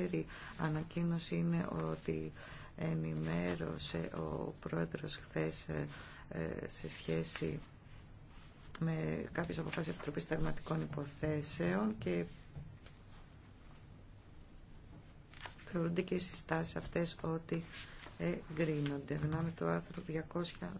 δεύτερη ανακοίνωση είναι ότι ενημέρωσε ο πρόεδρος χθες ε, ε, σε σχέση με κάποιες αποφάσεις Επιτροπής Θερματικών Υποθέσεων και θεωρούνται και οι συστάσεις αυτές ότι εγκρίνονται. με το άρθρο